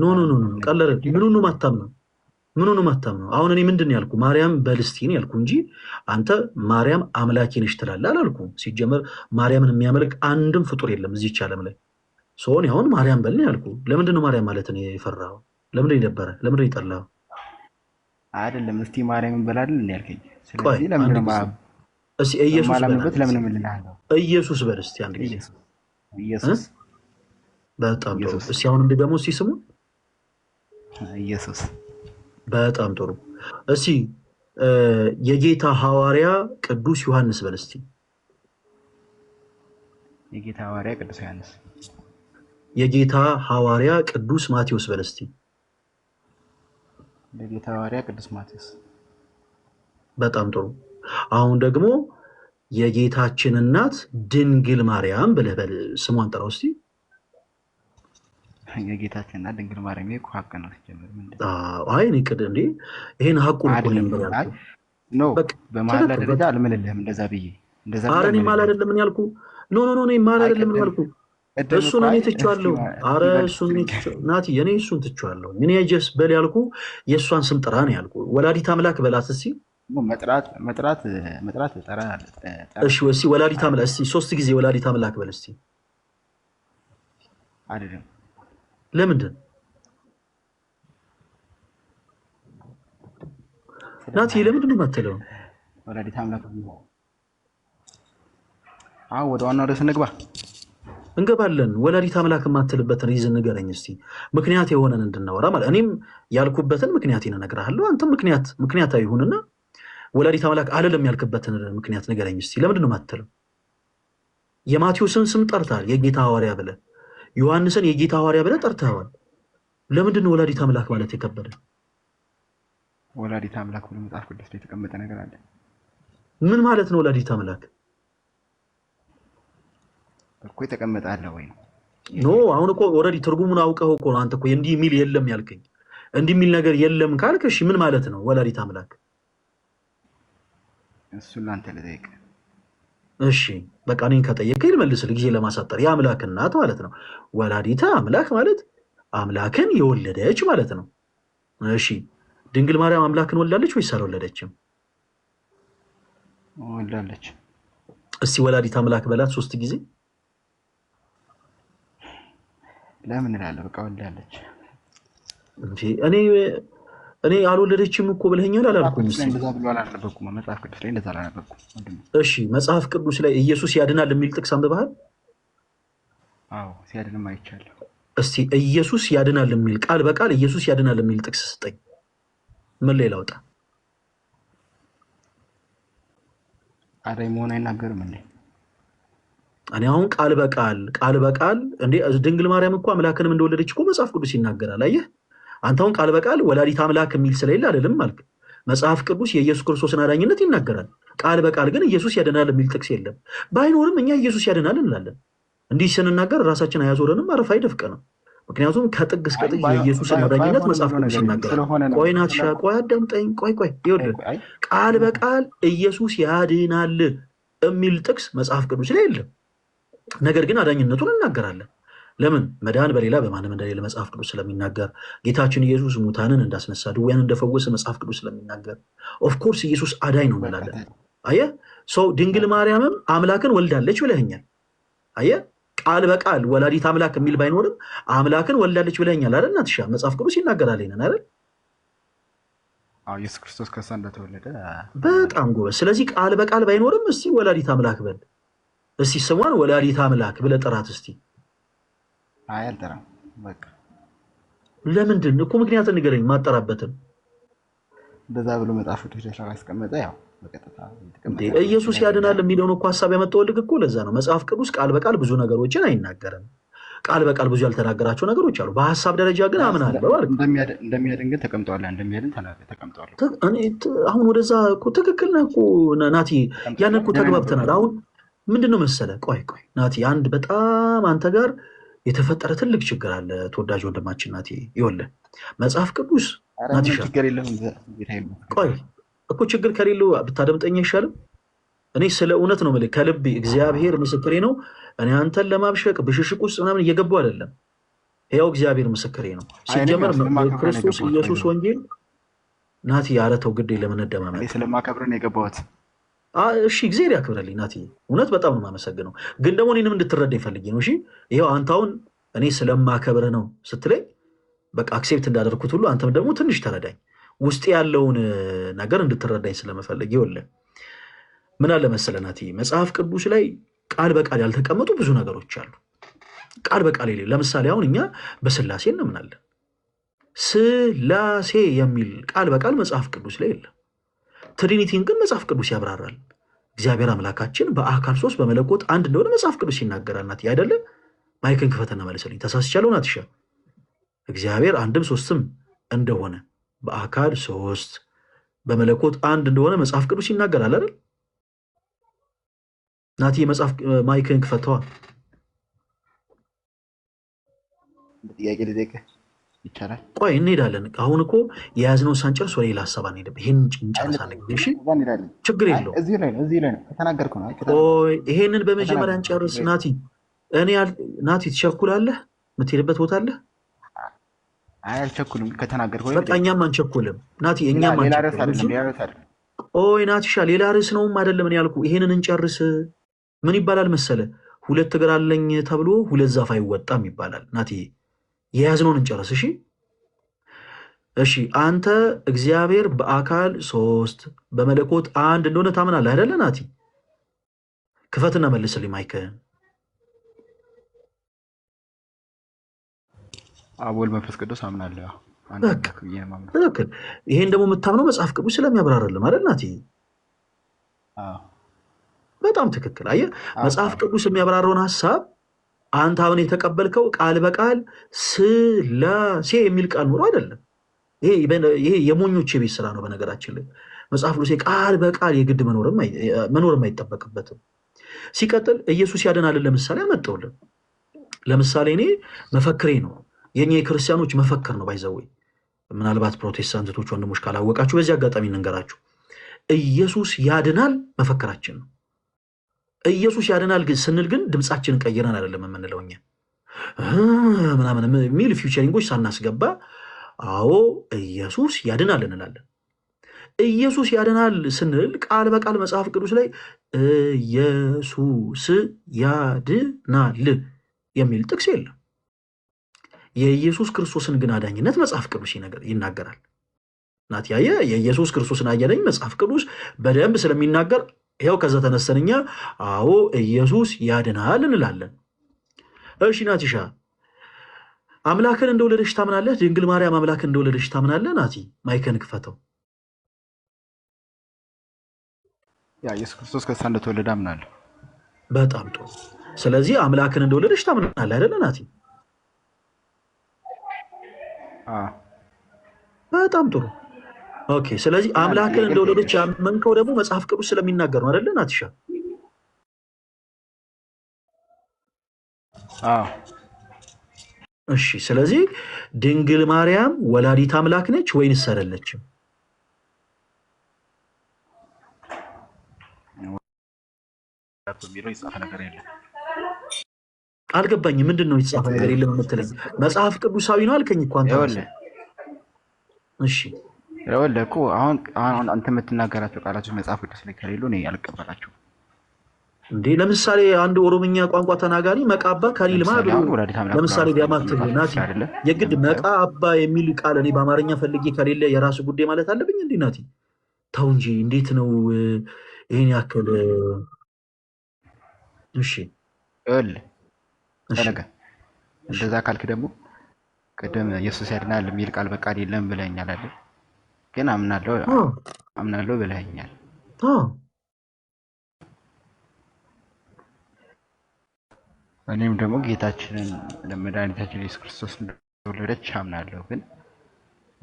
ኖ ኖ ነው ቀለለ። ምኑንም ነው ምኑንም አሁን እኔ ምንድን ያልኩ ማርያም በልስቲን ያልኩ እንጂ አንተ ማርያም አምላኬ ነሽ ትላለህ አላልኩ። ሲጀመር ማርያምን የሚያመልክ አንድም ፍጡር የለም እዚች ዓለም ላይ ሰሆን አሁን ማርያም በልን ያልኩ። ለምንድን ነው ማርያም ማለት ነው የፈራው? ለምንድን ነው የደበረ? ለምንድን የጠላው? አይደለም እስቲ ማርያም በላልን ያልከኝ። ስለዚህ ኢየሱስ በል እስቲ አንድ ጊዜ በጣም ጥሩ። እስኪ አሁንም ደግሞ እስኪ ስሙ ኢየሱስ። በጣም ጥሩ። እስኪ የጌታ ሐዋርያ ቅዱስ ዮሐንስ በል እስኪ። የጌታ ሐዋርያ ቅዱስ ዮሐንስ። የጌታ ሐዋርያ ቅዱስ ማቴዎስ በል እስኪ። የጌታ ሐዋርያ ቅዱስ ማቴዎስ። በጣም ጥሩ። አሁን ደግሞ የጌታችን እናት ድንግል ማርያም ብለህ በል ስሟን ጠራው እስኪ። የጌታችን ድንግል ማርያም እኮ ሀቅ ነው። ሲጀምር አይ እኔ ቅድ እንዴ ይሄን ሀቁን በመሀላ ደረጃ አልምልልህም እንደዛ ብዬ ኧረ እኔ ማል አይደለም እኔ ኖ ኖ ኖ እኔ ማል አይደለም እኔ እሱን እኔ ትችዋለሁ። አረ እሱን እኔ ናቲ እሱን ትችዋለሁ። እኔ ጀስ በል ያልኩ የእሷን ስም ጥራ ነው ያልኩ። ወላዲት አምላክ በላት እስኪ መጥራት መጥራት ጠራ እሺ ወላዲት አምላክ እስኪ ሶስት ጊዜ ወላዲት አምላክ በል እስኪ አይደለም ለምንድን ናቲ ለምንድን ነው የማትለው? ወረዲት አምላክ አዎ፣ ወደ ዋናው ርዕስ እንግባ። እንገባለን። ወላዲት አምላክ የማትልበትን ሪዝን ንገረኝ እስቲ፣ ምክንያት የሆነን እንድናወራ ማለት እኔም ያልኩበትን ምክንያት እነግርሃለሁ። አንተም ምክንያት ምክንያት አይሁንና ወላዲት አምላክ አልልም ያልክበትን ምክንያት ንገረኝ እስቲ። ለምንድን ነው የማትለው? የማቴዎስን ስም ጠርታል የጌታ ሐዋርያ ብለህ ዮሐንስን የጌታ ሐዋርያ ብለህ ጠርተኸዋል። ለምንድን ነው ወላዲት አምላክ ማለት የከበደ? ወላዲት አምላክ ብሎ መጽሐፍ ቅዱስ ላይ የተቀመጠ ነገር አለ። ምን ማለት ነው ወላዲት አምላክ እኮ የተቀመጠ አለ ወይ? ኖ አሁን እኮ ኦልሬዲ ትርጉሙን አውቀው እኮ አንተ እኮ እንዲህ የሚል የለም ያልከኝ። እንዲህ የሚል ነገር የለም ካልክ እሺ ምን ማለት ነው ወላዲት አምላክ? እሱን ለአንተ ልጠይቅህ እሺ በቃ እኔን ከጠየቀ ይልመልስል ጊዜ ለማሳጠር የአምላክ እናት ማለት ነው። ወላዲተ አምላክ ማለት አምላክን የወለደች ማለት ነው። እሺ ድንግል ማርያም አምላክን ወልዳለች ወይስ አልወለደችም? ወልዳለች። እስቲ ወላዲተ አምላክ በላት ሶስት ጊዜ ለምን እላለሁ። በቃ ወልዳለች። እኔ እኔ አልወለደችም እኮ ብለኸኛል አላልኩም። እሺ መጽሐፍ ቅዱስ ላይ ኢየሱስ ያድናል የሚል ጥቅስ አንብበሃል? እስቲ ኢየሱስ ያድናል የሚል ቃል በቃል ኢየሱስ ያድናል የሚል ጥቅስ ስጠኝ። ምን ላይ ላውጣ? አዳኝ መሆን አይናገርም እንዴ? እኔ አሁን ቃል በቃል ቃል በቃል እንዴ ድንግል ማርያም እኮ አምላክንም እንደወለደች እኮ መጽሐፍ ቅዱስ ይናገራል። አየህ አንተውን ቃል በቃል ወላዲት አምላክ የሚል ስለሌለ አይደለም ማለት መጽሐፍ ቅዱስ የኢየሱስ ክርስቶስን አዳኝነት ይናገራል። ቃል በቃል ግን ኢየሱስ ያድናል የሚል ጥቅስ የለም። ባይኖርም እኛ ኢየሱስ ያድናል እንላለን። እንዲህ ስንናገር ራሳችን አያዞረንም፣ አረፍ አይደፍቀንም። ምክንያቱም ከጥግ እስከ ጥግ የኢየሱስን አዳኝነት መጽሐፍ ቅዱስ ይናገራል። ቆይ ናትሻ፣ ቆይ አዳምጠኝ፣ ቆይ ቆይ፣ ይኸውልህ ቃል በቃል ኢየሱስ ያድናል የሚል ጥቅስ መጽሐፍ ቅዱስ ላይ የለም። ነገር ግን አዳኝነቱን እናገራለን። ለምን መዳን በሌላ በማንም እንደሌለ መጽሐፍ ቅዱስ ስለሚናገር ጌታችን ኢየሱስ ሙታንን እንዳስነሳ ድውያን እንደፈወሰ መጽሐፍ ቅዱስ ስለሚናገር ኦፍኮርስ ኢየሱስ አዳኝ ነው እንላለን። አየ ሰው ድንግል ማርያምም አምላክን ወልዳለች ብለኸኛል። አየ ቃል በቃል ወላዲት አምላክ የሚል ባይኖርም አምላክን ወልዳለች ብለኛል አይደል? እናትሻ መጽሐፍ ቅዱስ ይናገራል ይሄንን አይደል? ኢየሱስ ክርስቶስ ከእሷ እንደተወለደ በጣም ጎበዝ። ስለዚህ ቃል በቃል ባይኖርም እስቲ ወላዲት አምላክ በል እስቲ ስሟን ወላዲት አምላክ ብለህ ጥራት እስቲ አይ አልጠራም። በቃ ለምንድን እኮ ምክንያት ንገረኝ፣ ማጠራበትን እንደዛ ብሎ መጽሐፍ ቅዱስ መጣፍ ያስቀመጠ ያው በቀጥታ ኢየሱስ ያድናል የሚለውን እኮ ሀሳብ ያመጣሁልህ እኮ ለዛ ነው። መጽሐፍ ቅዱስ ቃል በቃል ብዙ ነገሮችን አይናገርም። ቃል በቃል ብዙ ያልተናገራቸው ነገሮች አሉ። በሀሳብ ደረጃ ግን አምናለሁ። እንደሚያድን ግን ተቀምጠዋል። እንደሚያድን ተቀምጠዋል። አሁን ወደዛ ትክክል ነህ እኮ ናቲ፣ ያንን እኮ ተግባብተናል። አሁን ምንድን ነው መሰለህ፣ ቆይ ቆይ ናቲ፣ አንድ በጣም አንተ ጋር የተፈጠረ ትልቅ ችግር አለ። ተወዳጅ ወንድማችን ናቲ ይወለ መጽሐፍ ቅዱስ ቆይ እኮ ችግር ከሌለው ብታደምጠኝ አይሻልም? እኔ ስለ እውነት ነው የምልህ ከልቤ እግዚአብሔር ምስክሬ ነው። እኔ አንተን ለማብሸቅ ብሽሽቅ ውስጥ ምናምን እየገቡ አይደለም። ያው እግዚአብሔር ምስክሬ ነው። ሲጀመር ክርስቶስ ኢየሱስ ወንጌል ናቲ ያረተው ግዴ ለምን ደማመጥ እሺ እግዚአብሔር ያክብረልኝ ናቲ፣ እውነት በጣም ነው የማመሰግነው። ግን ደግሞ እኔንም እንድትረዳኝ ፈልጌ ነው። እሺ ይኸው አንተ አሁን እኔ ስለማከብር ነው ስትለኝ በቃ አክሴፕት እንዳደርኩት ሁሉ አንተም ደግሞ ትንሽ ተረዳኝ፣ ውስጥ ያለውን ነገር እንድትረዳኝ ስለመፈለግ። ይወለ ምን አለ መጽሐፍ ቅዱስ ላይ ቃል በቃል ያልተቀመጡ ብዙ ነገሮች አሉ። ቃል በቃል የሌለ ለምሳሌ አሁን እኛ በስላሴ እናምናለን። ስላሴ የሚል ቃል በቃል መጽሐፍ ቅዱስ ላይ የለም። ትሪኒቲን ግን መጽሐፍ ቅዱስ ያብራራል። እግዚአብሔር አምላካችን በአካል ሶስት በመለኮት አንድ እንደሆነ መጽሐፍ ቅዱስ ይናገራል። ናት አይደለ? ማይክን ክፈተና መለሰልኝ። ተሳስቻለሁ። ናትሻ እግዚአብሔር አንድም ሶስትም እንደሆነ በአካል ሶስት በመለኮት አንድ እንደሆነ መጽሐፍ ቅዱስ ይናገራል አይደል? ናቲ መጽሐፍ ማይክን ክፈተዋል። ጥያቄ ይቻላል። ቆይ እንሄዳለን። አሁን እኮ የያዝነው ሳንጨርስ ወደ ሌላ ሀሳብ አንሄድም። ይህን እንጨርሳለን። ችግር የለውም። ይሄንን በመጀመሪያ እንጨርስ። ናቲ እኔ ናቲ ትቸኩላለህ፣ የምትሄድበት ቦታ አለ። አልቸኩልም ከተናገር በቃ እኛም አንቸኩልም። ናቲ እኛም ቆይ ናቲሻ፣ ሌላ ርዕስ ነውም አይደለም ያልኩ ይሄንን እንጨርስ። ምን ይባላል መሰለ ሁለት እግር አለኝ ተብሎ ሁለት ዛፍ አይወጣም ይባላል ናቲ የያዝነውን እንጨረስ። እሺ እሺ አንተ እግዚአብሔር በአካል ሶስት በመለኮት አንድ እንደሆነ ታምናለህ አይደለ? ናቲ ክፈትና መልስልኝ ማይክህን። አብ ወልድ መንፈስ ቅዱስ አምናለሁ። ትክክል። ይሄን ደግሞ የምታምነው መጽሐፍ ቅዱስ ስለሚያብራራልን አይደል? ናቲ በጣም ትክክል። አየህ መጽሐፍ ቅዱስ የሚያብራራውን ሀሳብ አንተ አሁን የተቀበልከው ቃል በቃል ስላሴ የሚል ቃል ኖሮ አይደለም። ይሄ የሞኞች የቤት ስራ ነው። በነገራችን ላይ መጽሐፍ ሉሴ ቃል በቃል የግድ መኖርም አይጠበቅበትም። ሲቀጥል ኢየሱስ ያድናልን ለምሳሌ አመጣውልን። ለምሳሌ እኔ መፈክሬ ነው የኛ የክርስቲያኖች መፈክር ነው ባይዘወይ ምናልባት ፕሮቴስታንቶች ወንድሞች ካላወቃችሁ በዚህ አጋጣሚ እንንገራችሁ። ኢየሱስ ያድናል መፈክራችን ነው። ኢየሱስ ያድናል ግን ስንል ግን ድምፃችንን ቀይረን አይደለም የምንለው እኛ ምናምን የሚል ፊውቸሪንጎች ሳናስገባ አዎ ኢየሱስ ያድናል እንላለን። ኢየሱስ ያድናል ስንል ቃል በቃል መጽሐፍ ቅዱስ ላይ ኢየሱስ ያድናል የሚል ጥቅስ የለም። የኢየሱስ ክርስቶስን ግን አዳኝነት መጽሐፍ ቅዱስ ይናገራል። ናት ያየ የኢየሱስ ክርስቶስን አያዳኝ መጽሐፍ ቅዱስ በደንብ ስለሚናገር ይኸው ከዛ ተነስተን እኛ አዎ ኢየሱስ ያድናል እንላለን። እሺ ናቲሻ አምላክን እንደወለደች ታምናለህ? ድንግል ማርያም አምላክን እንደወለደች ታምናለህ? ናቲ ማይከን ክፈተው። ያ ኢየሱስ ክርስቶስ ከእሷ እንደተወለደ አምናለሁ። በጣም ጥሩ። ስለዚህ አምላክን እንደወለደች ታምናለህ አይደለ ናቲ? በጣም ጥሩ ኦኬ ስለዚህ አምላክን ወለዶች ያመንከው ደግሞ መጽሐፍ ቅዱስ ስለሚናገር ነው አይደለ? ናትሻ እሺ። ስለዚህ ድንግል ማርያም ወላዲት አምላክ ነች ወይንስ አይደለችም? አልገባኝ። ምንድን ነው የተጻፈ ነገር የለም የምትለኝ? መጽሐፍ ቅዱሳዊ ነው አልከኝ እኮ አንተ። እሺ ይኸውልህ እኮ አሁን አሁን አንተ የምትናገራቸው ቃላቶች መጽሐፍ ቅዱስ ላይ ከሌሉ እኔ አልቀበላቸውም። እንዴ ለምሳሌ አንድ ኦሮምኛ ቋንቋ ተናጋሪ መቃባ ከሊልማ ለምሳሌ ቢያማት ናት የግድ መቃ አባ የሚል ቃል እኔ በአማርኛ ፈልጌ ከሌለ የራሱ ጉዳይ ማለት አለብኝ። እንዲ ናት ተው እንጂ እንዴት ነው ይህን ያክል? እሺ ይኸውልህ ነገ እንደዛ ካልክ ደግሞ ቅድም ኢየሱስ ያድናል የሚል ቃል በቃል የለም ብለኛል አይደል? ግን አምናለሁ አምናለሁ ብለኛል። እኔም ደግሞ ጌታችንን ለመድኃኒታችን ኢየሱስ ክርስቶስ እንደወለደች አምናለሁ። ግን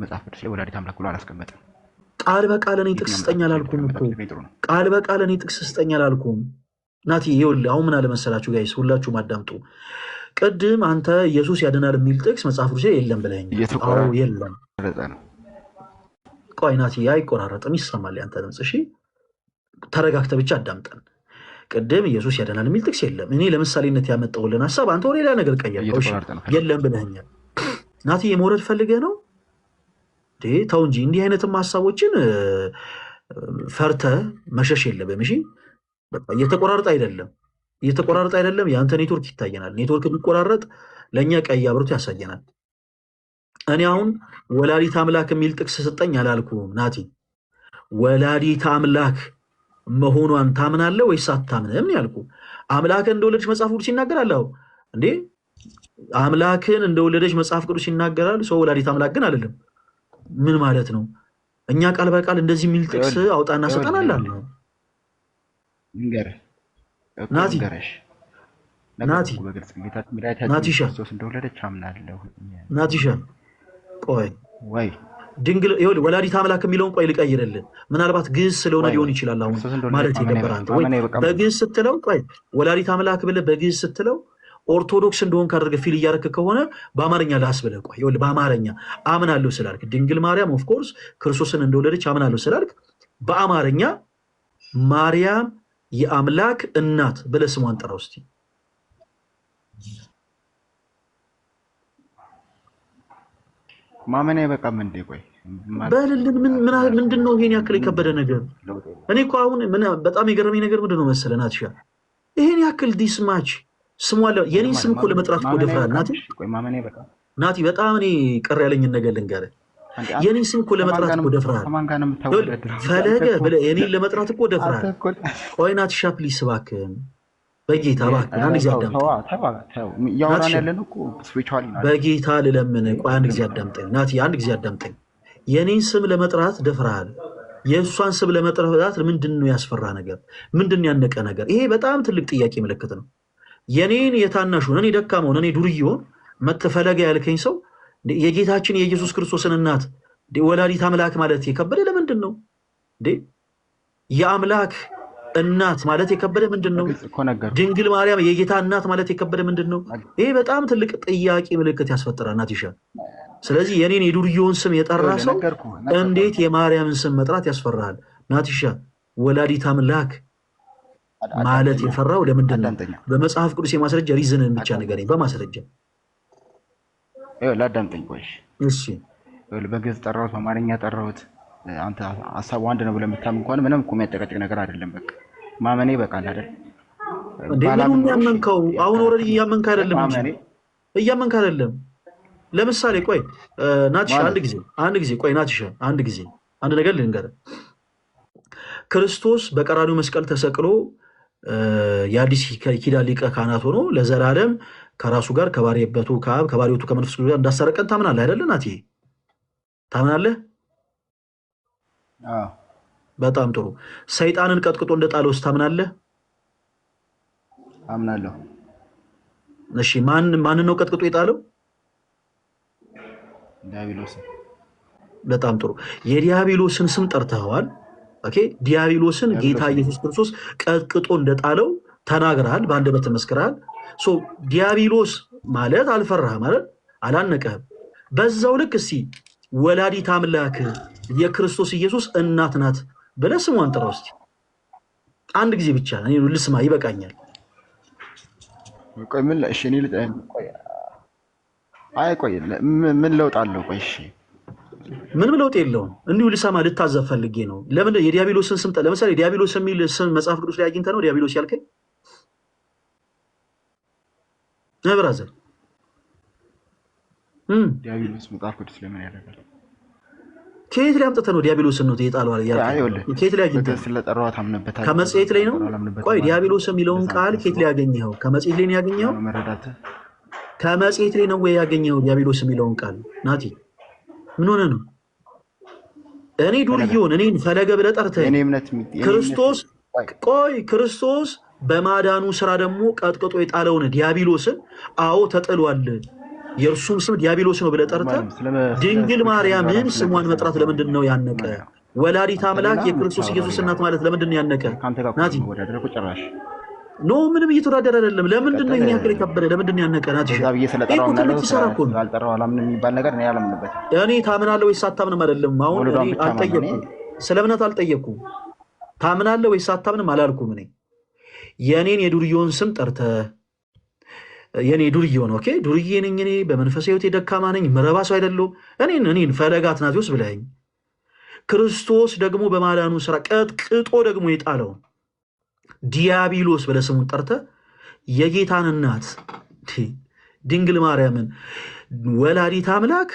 መጽሐፍ ቅዱስ ላይ ወላዲት አምላክ ብሎ አላስቀመጠም። ቃል በቃል እኔ ጥቅስ ስጠኝ አላልኩም እኮ ቃል በቃል እኔ ጥቅስ ስጠኝ አላልኩም። ናቲ ይኸውልህ፣ አሁን ምን አለመሰላችሁ ጋይስ፣ ሁላችሁም አዳምጡ። ቅድም አንተ ኢየሱስ ያድናል የሚል ጥቅስ መጽሐፍ ቅዱስ የለም ብለኸኛል። የለም ቆይ ናቲ አይቆራረጥም፣ ይሰማል ያንተ ድምፅ። እሺ ተረጋግተ ብቻ አዳምጠን። ቅድም ኢየሱስ ያደናል የሚል ጥቅስ የለም። እኔ ለምሳሌነት ያመጣውልን ሀሳብ አንተ ሌላ ነገር ቀየርከው። የለም ብለኛል። ናቲ የመውረድ ፈልገህ ነው? ተው እንጂ እንዲህ አይነትም ሀሳቦችን ፈርተህ መሸሽ የለብህም። እሺ እየተቆራረጠ አይደለም እየተቆራረጠ አይደለም። የአንተ ኔትወርክ ይታየናል። ኔትወርክ ቢቆራረጥ ለእኛ ቀይ አብርቶ ያሳየናል። እኔ አሁን ወላዲት አምላክ የሚል ጥቅስ ስጠኝ አላልኩም። ናቲ ወላዲት አምላክ መሆኗን ታምናለህ ወይስ አታምንም ያልኩ። አምላክን እንደወለደች መጽሐፍ ቅዱስ ይናገራል። እንዴ አምላክን እንደወለደች መጽሐፍ ቅዱስ ይናገራል። ሰው ወላዲት አምላክ ግን አይደለም። ምን ማለት ነው? እኛ ቃል በቃል እንደዚህ የሚል ጥቅስ አውጣና ስጠን አላለ። ናቲ ናቲሻ ናቲሻ ቆይ ወይ ድንግል ይሁን ወላዲት አምላክ የሚለውን ቆይ ልቀይርልን። ምናልባት ግዕዝ ስለሆነ ሊሆን ይችላል። አሁን ማለት የገበረ አንተ ወይ በግዕዝ ስትለው ቆይ ወላዲት አምላክ ብለህ በግዕዝ ስትለው ኦርቶዶክስ እንደሆን ካደረገ ፊል እያደረክ ከሆነ በአማርኛ ላስ ብለህ ቆይ ይሁን በአማርኛ አምናለሁ ስላልክ ድንግል ማርያም ኦፍኮርስ ክርስቶስን እንደወለደች አምናለሁ ስላልክ በአማርኛ ማርያም የአምላክ እናት ብለህ ስሟን ጥራው እስኪ ማመን አይበቃም እንዴ? ቆይ በልልን ምንድን ነው ይሄን ያክል የከበደ ነገር? እኔ እኮ አሁን በጣም የገረመኝ ነገር ምንድን ነው መሰለ ናትሻ፣ ይሄን ያክል ዲስማች ስሟ የኔ ስም እኮ ለመጥራት እኮ ደፍራል ናቲ። ናቲ በጣም እኔ ቅር ያለኝን ነገር ልንገርህ፣ የኔ ስም እኮ ለመጥራት እኮ ደፍራል። ፈለገ ብለህ የኔን ለመጥራት እኮ ደፍራል። ቆይ ናትሻ ፕሊስ እባክህን በጌታ እባክህ አንድ ጊዜ አዳምጠኝ። በጌታ ልለምንህ፣ ቆይ አንድ ጊዜ አዳምጠኝ ናቲ፣ አንድ ጊዜ አዳምጠኝ። የኔን ስም ለመጥራት ደፍረሃል። የእሷን ስም ለመጥራት ምንድን ነው ያስፈራ ነገር? ምንድን ያነቀ ነገር? ይሄ በጣም ትልቅ ጥያቄ ምልክት ነው። የኔን የታናሹን እኔ ደካማውን እኔ ዱርዬውን መተፈለገ ያልከኝ ሰው የጌታችን የኢየሱስ ክርስቶስን እናት ወላዲት አምላክ ማለት የከበደ ለምንድን ነው የአምላክ እናት ማለት የከበደ ምንድን ነው? ድንግል ማርያም የጌታ እናት ማለት የከበደ ምንድን ነው? ይህ በጣም ትልቅ ጥያቄ ምልክት ያስፈጥራል እናት ይሻል። ስለዚህ የኔን የዱርዮውን ስም የጠራ ሰው እንዴት የማርያምን ስም መጥራት ያስፈራሃል? ናቲሻ ወላዲት አምላክ ማለት የፈራው ለምንድን ነው? በመጽሐፍ ቅዱስ የማስረጃ ሪዝንን ብቻ ንገረኝ። በማስረጃ ላዳምጠኝ። ቆይ በግዕዝ ጠራሁት፣ በአማርኛ ጠራሁት አንተ ሀሳቡ አንድ ነው ብለህ የምታምን ከሆነ ምንም እኮ የሚያጨቀጭቅ ነገር አይደለም። በቃ ማመኔ በቃል አይደል ያመንከው። አሁን ወረ እያመንከ አይደለም እያመንክ አይደለም። ለምሳሌ ቆይ ናትሻ አንድ ጊዜ አንድ ጊዜ ቆይ ናትሻ አንድ ጊዜ አንድ ነገር ልንገርህ። ክርስቶስ በቀራኒው መስቀል ተሰቅሎ የአዲስ ኪዳን ሊቀ ካህናት ሆኖ ለዘላለም ከራሱ ጋር ከባሪበቱ ከአብ ከባሪቱ ከመንፈስ ጋር እንዳሰረቀን ታምናለህ አይደለ? ናት ታምናለህ? በጣም ጥሩ። ሰይጣንን ቀጥቅጦ እንደጣለው ታምናለህ? አምናለሁ። እሺ፣ ማን ነው ቀጥቅጦ የጣለው? በጣም ጥሩ። የዲያብሎስን ስም ጠርተኸዋል። ኦኬ፣ ዲያብሎስን ጌታ ኢየሱስ ክርስቶስ ቀጥቅጦ እንደጣለው ተናግረሃል፣ በአንደበት መስክረሃል። ዲያብሎስ ማለት አልፈራህ ማለት አላነቀህም። በዛው ልክ እስኪ ወላዲት አምላክ የክርስቶስ ኢየሱስ እናት ናት ብለህ ስሟን ጥራ። እስኪ አንድ ጊዜ ብቻ እኔ ልስማ፣ ይበቃኛል። ቆይ ምን እሺ፣ እኔ ልጠ አይ ቆይ ምን ለውጥ አለው? ቆይ እሺ፣ ምንም ለውጥ የለውም። እንዲሁ ልሰማ ልታዘብ ፈልጌ ነው። ለምን የዲያብሎስን ስም ለምሳሌ ዲያብሎስ የሚል ስም መጽሐፍ ቅዱስ ላይ አግኝተ ነው ዲያብሎስ ያልከኝ? ነብራዘር ዲያብሎስ መጽሐፍ ቅዱስ ለምን ያደርጋል? ከየት ላይ አምጥተህ ነው ዲያብሎስን ነው የጣለው? ከየት ላይ አግኝተህ? ከመጽሔት ላይ ነው? ቆይ ዲያብሎስ የሚለውን ቃል ከየት ላይ ያገኘኸው? ከመጽሔት ላይ ነው ያገኘኸው? ከመጽሔት ላይ ነው ወይ ያገኘኸው ዲያብሎስ የሚለውን ቃል? ናቲ ምን ሆነ ነው? እኔ ዱርዬውን እኔን ፈለገ ብለህ ጠርተህ ክርስቶስ ቆይ ክርስቶስ በማዳኑ ስራ ደግሞ ቀጥቅጦ የጣለውን ዲያብሎስን አዎ ተጥሏል የእርሱም ስም ዲያብሎስ ነው ብለህ ጠርተህ ድንግል ማርያምን ስሟን መጥራት ለምንድን ነው ያነቀ? ወላዲት አምላክ የክርስቶስ ኢየሱስ እናት ማለት ለምንድን ነው ያነቀ? ናቲ ኖ ምንም እየተወዳደር አይደለም። ለምንድን ነው ያክል የከበደ ለምንድን ነው ያነቀ? ናቲ ትልቅ ይሰራ እኮ ነው። እኔ ታምናለህ ወይስ አታምንም አይደለም። አሁን አልጠየኩም፣ ስለ እምነት አልጠየኩም። ታምናለህ ወይስ አታምንም አላልኩም። እኔ የእኔን የዱርዮን ስም ጠርተህ የኔ ዱርዬ ሆነ ኦኬ ዱርዬ ነኝ እኔ በመንፈሳዊ ሕይወቴ የደካማ ነኝ፣ መረባ ሰው አይደለሁም። እኔን እኔን ፈለገ አትናቴዎስ ብለኸኝ ክርስቶስ ደግሞ በማዳኑ ስራ ቀጥቅጦ ደግሞ የጣለውን ዲያብሎስ ብለህ ስሙን ጠርተህ የጌታን እናት ድንግል ማርያምን ወላዲት አምላክ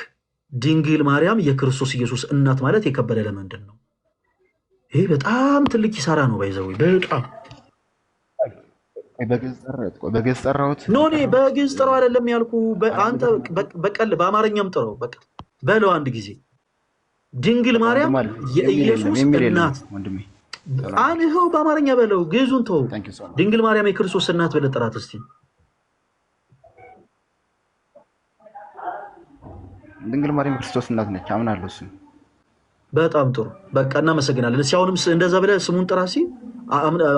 ድንግል ማርያም የክርስቶስ ኢየሱስ እናት ማለት የከበደ ለምንድን ነው? ይህ በጣም ትልቅ ኪሳራ ነው። ባይዘዊ በጣም በግዕዝ ጠራሁት። ኖ እኔ በግዕዝ ጥረው አይደለም ያልኩ፣ አንተ በቀል በአማርኛም ጥረው በለው አንድ ጊዜ። ድንግል ማርያም የኢየሱስ እናት አን ይኸው በአማርኛ በለው፣ ግዕዙን ተው። ድንግል ማርያም የክርስቶስ እናት ብለህ ጥራት እስኪ። ድንግል ማርያም የክርስቶስ እናት ነች፣ አምናለሁ እሱን በጣም ጥሩ በቃ እናመሰግናለን። እስኪ አሁንም እንደዛ ብለህ ስሙን ጥራ እስኪ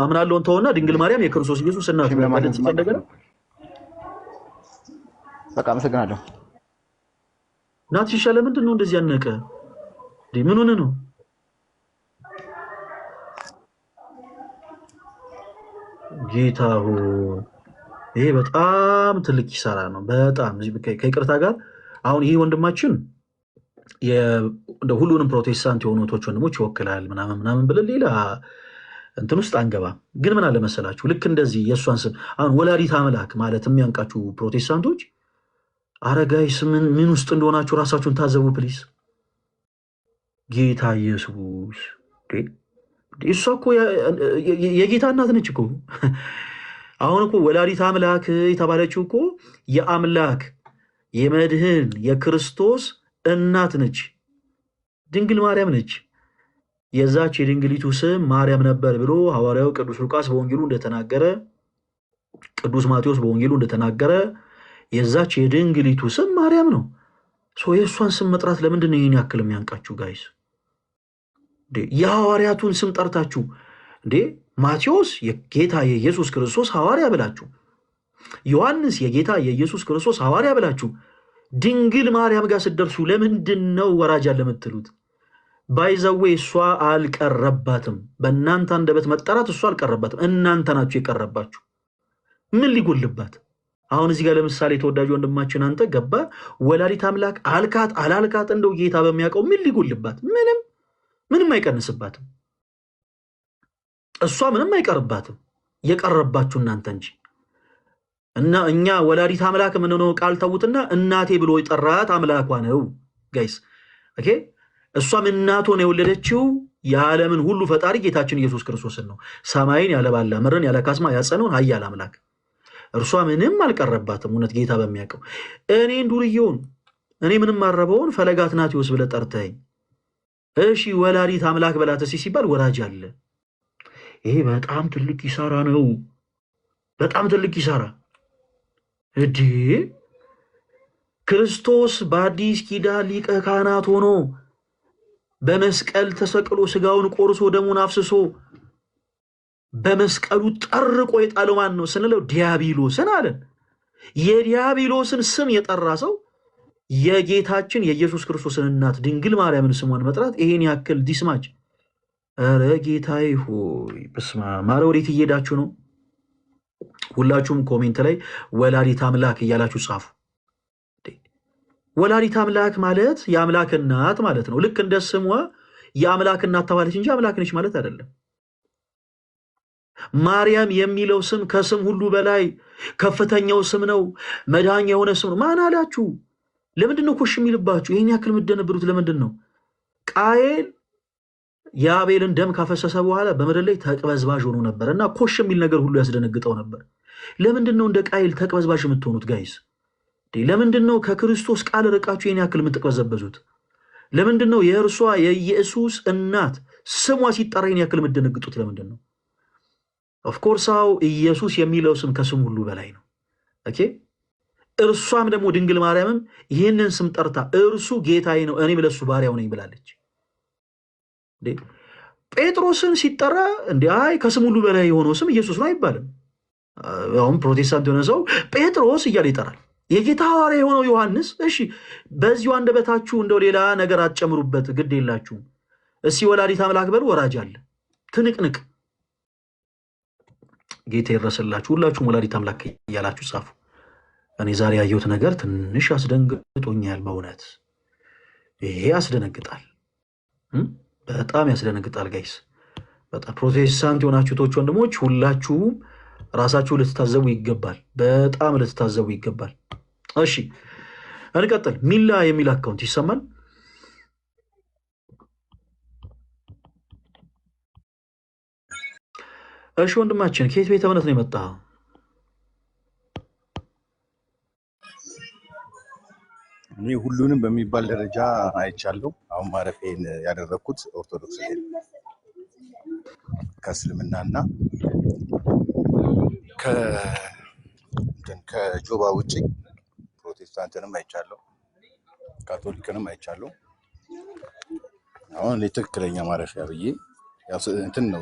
አምናለውን ተሆና ድንግል ማርያም የክርስቶስ ኢየሱስ እናት ማለት እንደገና በቃ አመሰግናለሁ። ይሻለ ምንድን ነው እንደዚህ ያነቀ ምን ሆነ ነው ጌታ ይሄ በጣም ትልቅ ይሰራ ነው። በጣም ከይቅርታ ጋር አሁን ይሄ ወንድማችን ሁሉንም ፕሮቴስታንት የሆኑቶች ወንድሞች ይወክላል ምናምን ምናምን ብለን ሌላ እንትን ውስጥ አንገባም። ግን ምን አለመሰላችሁ ልክ እንደዚህ የእሷን ስም አሁን ወላዲት አምላክ ማለት የሚያንቃችሁ ፕሮቴስታንቶች አረጋይ ስምን ምን ውስጥ እንደሆናችሁ ራሳችሁን ታዘቡ ፕሊስ ጌታ ኢየሱስ እሷ እኮ የጌታ እናት ነች እኮ። አሁን እኮ ወላዲት አምላክ የተባለችው እኮ የአምላክ የመድህን የክርስቶስ እናት ነች፣ ድንግል ማርያም ነች። የዛች የድንግሊቱ ስም ማርያም ነበር ብሎ ሐዋርያው ቅዱስ ሉቃስ በወንጌሉ እንደተናገረ፣ ቅዱስ ማቴዎስ በወንጌሉ እንደተናገረ የዛች የድንግሊቱ ስም ማርያም ነው። የእሷን ስም መጥራት ለምንድን ይህን ያክል የሚያንቃችሁ ጋይስ? የሐዋርያቱን ስም ጠርታችሁ እንዴ ማቴዎስ የጌታ የኢየሱስ ክርስቶስ ሐዋርያ ብላችሁ፣ ዮሐንስ የጌታ የኢየሱስ ክርስቶስ ሐዋርያ ብላችሁ ድንግል ማርያም ጋር ስደርሱ ለምንድን ነው ወራጅ አለ ባይዘዌ እሷ አልቀረባትም። በእናንተ አንደበት መጠራት እሷ አልቀረባትም። እናንተ ናችሁ የቀረባችሁ። ምን ሊጎልባት? አሁን እዚህ ጋር ለምሳሌ ተወዳጅ ወንድማችን አንተ ገባ ወላዲት አምላክ አልካት አላልካት፣ እንደው ጌታ በሚያውቀው ምን ሊጎልባት? ምንም ምንም አይቀንስባትም። እሷ ምንም አይቀርባትም። የቀረባችሁ እናንተ እንጂ እና እኛ ወላዲት አምላክ የምንሆነው ቃል ተዉትና እናቴ ብሎ ጠራት አምላኳ ነው። ጋይስ ኦኬ። እሷም ነው የወለደችው የዓለምን ሁሉ ፈጣሪ ጌታችን ኢየሱስ ክርስቶስን ነው። ሰማይን ያለባላ ምድርን ያለ ካስማ ያጸነውን ኃያል አምላክ እርሷ ምንም አልቀረባትም። እውነት ጌታ በሚያውቀው እኔን ዱርዬውን እኔ ምንም አረበውን ፈለገ አትናቴዎስ ብለህ ጠርተኸኝ እሺ ወላዲት አምላክ በላተሲ ሲባል ወራጅ አለ። ይሄ በጣም ትልቅ ይሰራ ነው። በጣም ትልቅ ይሰራ እድ ክርስቶስ በአዲስ ኪዳን ሊቀ ካህናት ሆኖ በመስቀል ተሰቅሎ ስጋውን ቆርሶ ደሙን አፍስሶ በመስቀሉ ጠርቆ የጣለው ማን ነው ስንለው ዲያብሎስን አለን። የዲያብሎስን ስም የጠራ ሰው የጌታችን የኢየሱስ ክርስቶስን እናት ድንግል ማርያምን ስሟን መጥራት ይሄን ያክል ዲስማች። ኧረ ጌታዬ ሆይ በስመ አብ! ማረ ወዴት እየሄዳችሁ ነው? ሁላችሁም ኮሜንት ላይ ወላዲት አምላክ እያላችሁ ጻፉ። ወላዲት አምላክ ማለት የአምላክ እናት ማለት ነው። ልክ እንደ ስሟ የአምላክ እናት ተባለች እንጂ አምላክ ነች ማለት አይደለም። ማርያም የሚለው ስም ከስም ሁሉ በላይ ከፍተኛው ስም ነው። መድኃኛ የሆነ ስም ነው። ማን አላችሁ? ለምንድን ነው ኮሽ የሚልባችሁ? ይህን ያክል የምትደነብሩት ለምንድን ነው? ቃየል የአቤልን ደም ካፈሰሰ በኋላ በምድር ላይ ተቅበዝባዥ ሆኖ ነበር እና ኮሽ የሚል ነገር ሁሉ ያስደነግጠው ነበር። ለምንድን ነው እንደ ቃይል ተቅበዝባዥ የምትሆኑት ጋይስ? ለምንድን ነው ከክርስቶስ ቃል ርቃችሁ የኔ ያክል የምትቅበዘበዙት? ለምንድን ነው የእርሷ የኢየሱስ እናት ስሟ ሲጠራ የኔ ያክል የምትደነግጡት? ለምንድን ነው? ኦፍኮርስ አዎ ኢየሱስ የሚለው ስም ከስም ሁሉ በላይ ነው። ኦኬ እርሷም ደግሞ ድንግል ማርያምም ይህንን ስም ጠርታ እርሱ ጌታዬ ነው እኔም ለሱ ባሪያው ነኝ ብላለች። ጴጥሮስን ሲጠራ እንዲ አይ ከስም ሁሉ በላይ የሆነው ስም ኢየሱስ ነው አይባልም። አሁን ፕሮቴስታንት የሆነ ሰው ጴጥሮስ እያለ ይጠራል። የጌታ ሐዋርያ የሆነው ዮሐንስ እሺ፣ በዚሁ አንደበታችሁ እንደው ሌላ ነገር አትጨምሩበት፣ ግድ የላችሁም። እስኪ ወላዲት አምላክ በሉ፣ ወራጅ አለ ትንቅንቅ። ጌታ ይድረስላችሁ። ሁላችሁም ወላዲት አምላክ እያላችሁ ጻፉ። እኔ ዛሬ ያየሁት ነገር ትንሽ አስደንግጦኛል። በእውነት ይሄ ያስደነግጣል። በጣም ያስደነግጣል ጋይስ። በጣም ፕሮቴስታንት የሆናችሁ ቶች ወንድሞች ሁላችሁም ራሳችሁ ልትታዘቡ ይገባል። በጣም ልትታዘቡ ይገባል። እሺ እንቀጥል። ሚላ የሚል አካውንት ይሰማል። እሺ ወንድማችን ከየት ቤተ እምነት ነው የመጣ? እኔ ሁሉንም በሚባል ደረጃ አይቻለሁ። አሁን ማረፌን ያደረግኩት ኦርቶዶክስ ከእስልምናና ከጆባ ውጭ ፕሮቴስታንትንም አይቻለሁ፣ ካቶሊክንም አይቻለሁ። አሁን ትክክለኛ ማረፊያ ብዬ እንትን ነው